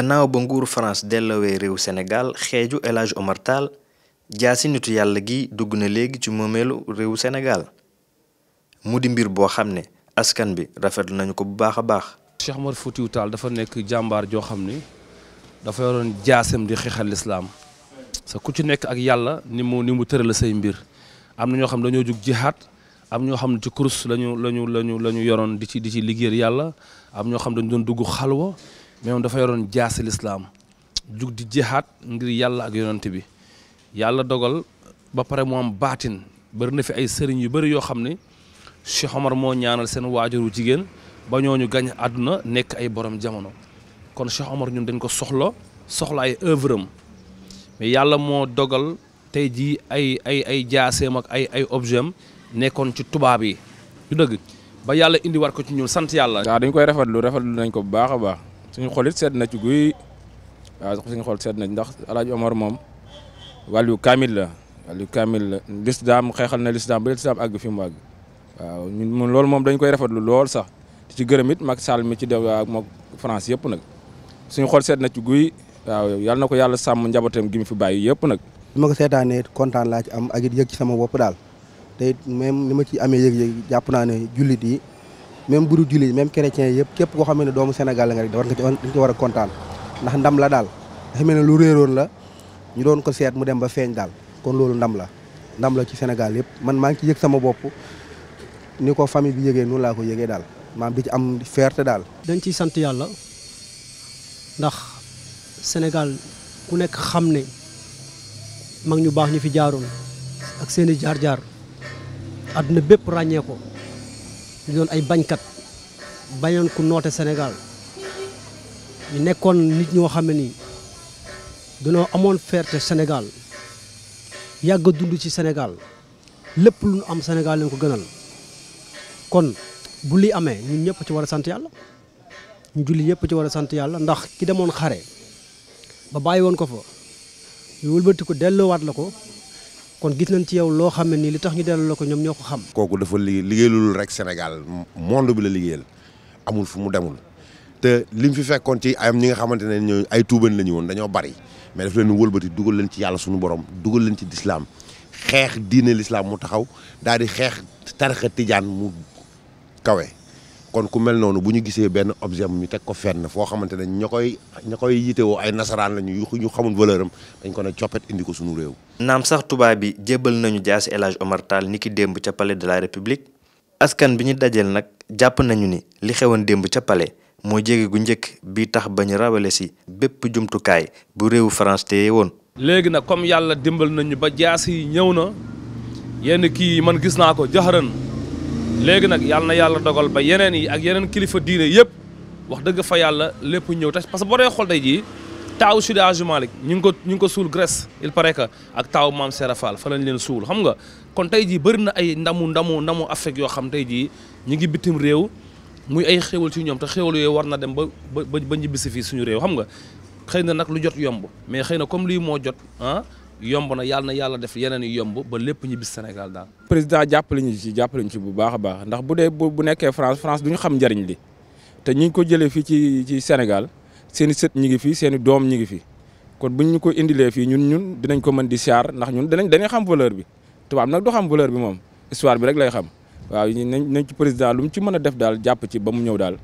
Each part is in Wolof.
gannaaw ba nguuru France dellowee réew Sénégal xeeju El Hadj Omar Tall jaasi nitu yàlla gi dugg na léegi ci moomeelu réewu Sénégal mu di mbir boo xam ne askan bi rafetlu nañu ko bu baax a baax. Cheikh Omar Foutiyou Tall dafa nekk jàmbaar joo xam ni dafa yoroon jaasam di xeexal lislaam sa ku ci nekk ak yàlla ni mu ni mu tërala say mbir am na ñoo xam ne dañoo jug jihaat am ñoo xam ne ci kurus lañu lañu lañu la ñu yoroon di ci di ci liggéeyal yàlla am ñoo xam dañu doon dugg xalwa mais moom dafa yoroon jaasi lislaam jug di jihaat ngir yàlla ak yonent bi yàlla dogal ba pare mu am baatin bari na fi ay sëriñ yu bari yoo xam ne Cheikh Omar moo ñaanal seen waajuru jigéen ba ñoo ñu gañ àdduna nekk ay borom jamono kon Cheikh ñun dañ ko soxla soxla ay œuvre mais yàlla moo dogal tey jii ay ay ay jaaseem ak ay ay objet nekkoon ci tubaab yi du dëgg ba yàlla indiwaat ko ci ñun sant yàlla. waaw dañ koy rafetlu lu nañ ko bu baax a baax. suñu xol it sedd na ci guy waaw suñu xol sedd na ndax Alaaji Omar moom wàllu kaamil la wàllu kaamil la lislaam xeexal na lislaam ba lislaam àgg fi mu àgg waaw ñun lool moom dañ koy rafetlu lool sax te ci gërëm mag Macky Sall mi ci def ak moom France yëpp nag suñu xol sedd na ci guy waaw yal na ko yàlla sàmm njabootam gi mu fi bàyyi yëpp nag. bi ma ko seetaanee kontaan laa ci am ak it yëg ci sama bopp daal te it même ni ma ci amee yëg-yëg jàpp naa ne jullit yi. même bu dul jullit même chrétien yëpp képp koo xam ne doomu Sénégal la nga rek war nga a kontaan ndax ndam la daal dafa mel ne lu réeroon la ñu doon ko seet mu dem ba feeñ daal kon loolu ndam la ndam la ci Sénégal yëpp man maa ngi ci yëg sama bopp ni ko famille bi yëgee noonu laa ko yëgee daal maam di ci am fierté daal. dañ ciy sant yàlla ndax Sénégal ku nekk xam ne mag ñu baax ñu fi jaaroon ak seeni jaar-jaar àdduna bépp ràññee ko. ñu ay bañkat bañoon ku noote Sénégal ñu nekkoon nit ñoo xam ne nii dañoo amoon fierté Sénégal yàgg a dund ci Sénégal lépp lu ñu am Sénégal leen ko gënal kon bu li amee ñun ñëpp ci war a sant yàlla ñu julli ñëpp ci war a sant yàlla ndax ki demoon xare ba bàyyi woon ko fa ñu wëlbati ko delloowaat la ko kon gis nañ ci yow loo xam ne nii li tax ñu delloo la ko ñoom ñoo ko xam. kooku dafa liggéey liggéeyalul rek Sénégal monde bi la liggéeyal amul fu mu demul te lim fi fekkoon ci ayam ñi nga xamante ne ñooy ay tuuban lañu woon dañoo bari mais daf leen wëlbati dugal leen ci yàlla suñu borom dugal leen ci lislaam xeex diine lislaam mu taxaw daal di xeex tarixa tijaan mu kawe. kon ku mel noonu bu ñu gisee benn objet ñu teg ko fenn foo xamante ne ña koy ña koy yitewoo ay nasaraan la ñu ñu xamul valeur am dañ ko ne coppet indi ko suñu réew. naam sax tubaab bi jébbal nañu jaasi élage Hadj Omar ni ki démb ca pale de la république askan bi ñu dajeel nag jàpp nañu ni li xewoon démb ca pale moo jéege gu njëkk bi tax ba ñu rawale si bépp jumtukaay bu réewu France téye woon. léegi nag comme yàlla dimbal nañu ba jaasi ñëw na yenn kii man gis naa ko jaxaran léegi nag yàlla na yàlla dogal ba yeneen yi ak yeneen kilifa diine yëpp wax dëgg fa yàlla lépp ñëw tas parce que boo dee xool tey jii taaw Seydi Hadji Malick ñu ngi ko ñu ngi ko suul Grèce il paraît que ak taaw Maam Serap fa lañ leen suul xam nga kon tey jii bëri na ay ndamu ndamu ndamu Afrique yoo xam tey jii ñu ngi bitim réew muy ay xewul ci ñoom te xéwal yooyu war na dem ba ba ba ñibbisi fii suñu réew xam nga xëy na nag lu jot yomb mais xëy na comme lii moo jot ah yomb na yàlla na yàlla def yeneen yu yomb ba lépp ñu bis Sénégal daal. président jàppale ñu ci jàppale bu baax a baax ndax bu dee bu nekkee France France du ñu xam njëriñ li te ñi ngi ko jëlee fii ci ci Sénégal seen i sët ñi ngi fi seen i doom ñi ngi fi kon buñ ñu ko indilee fii ñun ñun dinañ ko mën di siyaar ndax ñun danañ dañuy xam valeur bi tubaab nag du xam valeur bi moom histoire bi rek lay xam waaw nañ nañ ci président lu mu ci mën a def daal jàpp ci ba mu ñëw daal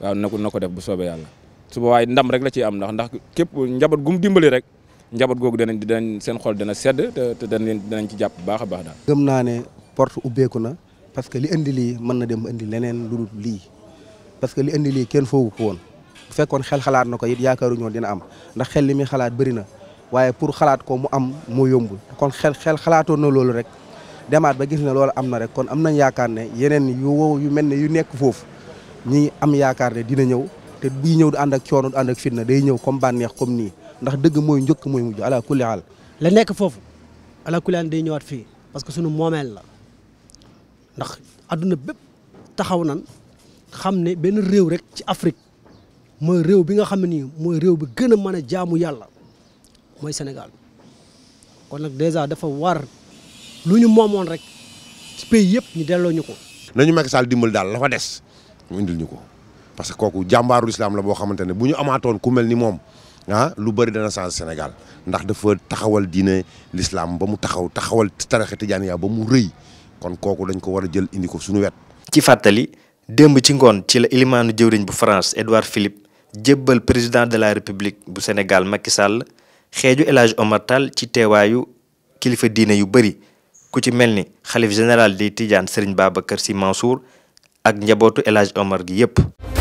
waaw na ko na def bu soobee yàlla su boobaa ndam rek la ciy am ndax ndax képp njaboot gu dimbali rek njaboot googu danañ danañ seen xol dana sedd te te danañ danañ ci jàpp baax a baax daal. gëm naa ne porte ubbeeku na parce que li indi lii mën na dem indi leneen lu dul lii parce que li indi lii kenn foofu ko woon bu fekkoon xel xalaat na ko it yaakaaruñu woon dina am ndax xel li muy xalaat bëri na waaye pour xalaat ko mu am moo yombul kon xel xel xalaatoon na loolu rek demaat ba gis ne loolu am na rek kon am nañ yaakaar ne yeneen yu wow yu mel ne yu nekk foofu ñi am yaakaar ne dina ñëw te bii ñëw du ànd ak coono du day ñëw comme bànneex nii. ndax dëgg mooy njëkk mooy mu ala kulli aal la nekk foofu ala kulli aal day ñëwaat fii parce que sunu moomeel la ndax adduna bépp taxaw nan xam ne benn réew rek ci Afrique mooy réew bi nga xam ne nii mooy réew bi gën a mën a jaamu yàlla mooy Sénégal kon nag dèjà dafa war lu ñu moomoon rek ci pays yëpp ñu delloo ñu ko. nañu Macky Sall dimbal daal la fa des mu indil ñu ko parce que kooku jàmbaaru islam la boo xamante ne bu ñu amaatoon ku mel ni moom. ah lu bëri dana changé Sénégal ndax dafa taxawal diine lislaam ba mu taxaw taxawal tarixa tijaaniya ba mu rëy kon kooku dañ ko war a jël indi ko suñu wet. ci fàttali démb ci ngoon ci la ilimaanu jëwriñ bu France Édouard Philippe jëbbal président de la république bu Sénégal Macky sàll xeeju El Hadj Omar ci teewaayu kilifa diine yu bëri ku ci mel ni xalif général di Tijaan Serigne Babacar Sy Mansour ak njabootu El Hadj Omar gi yépp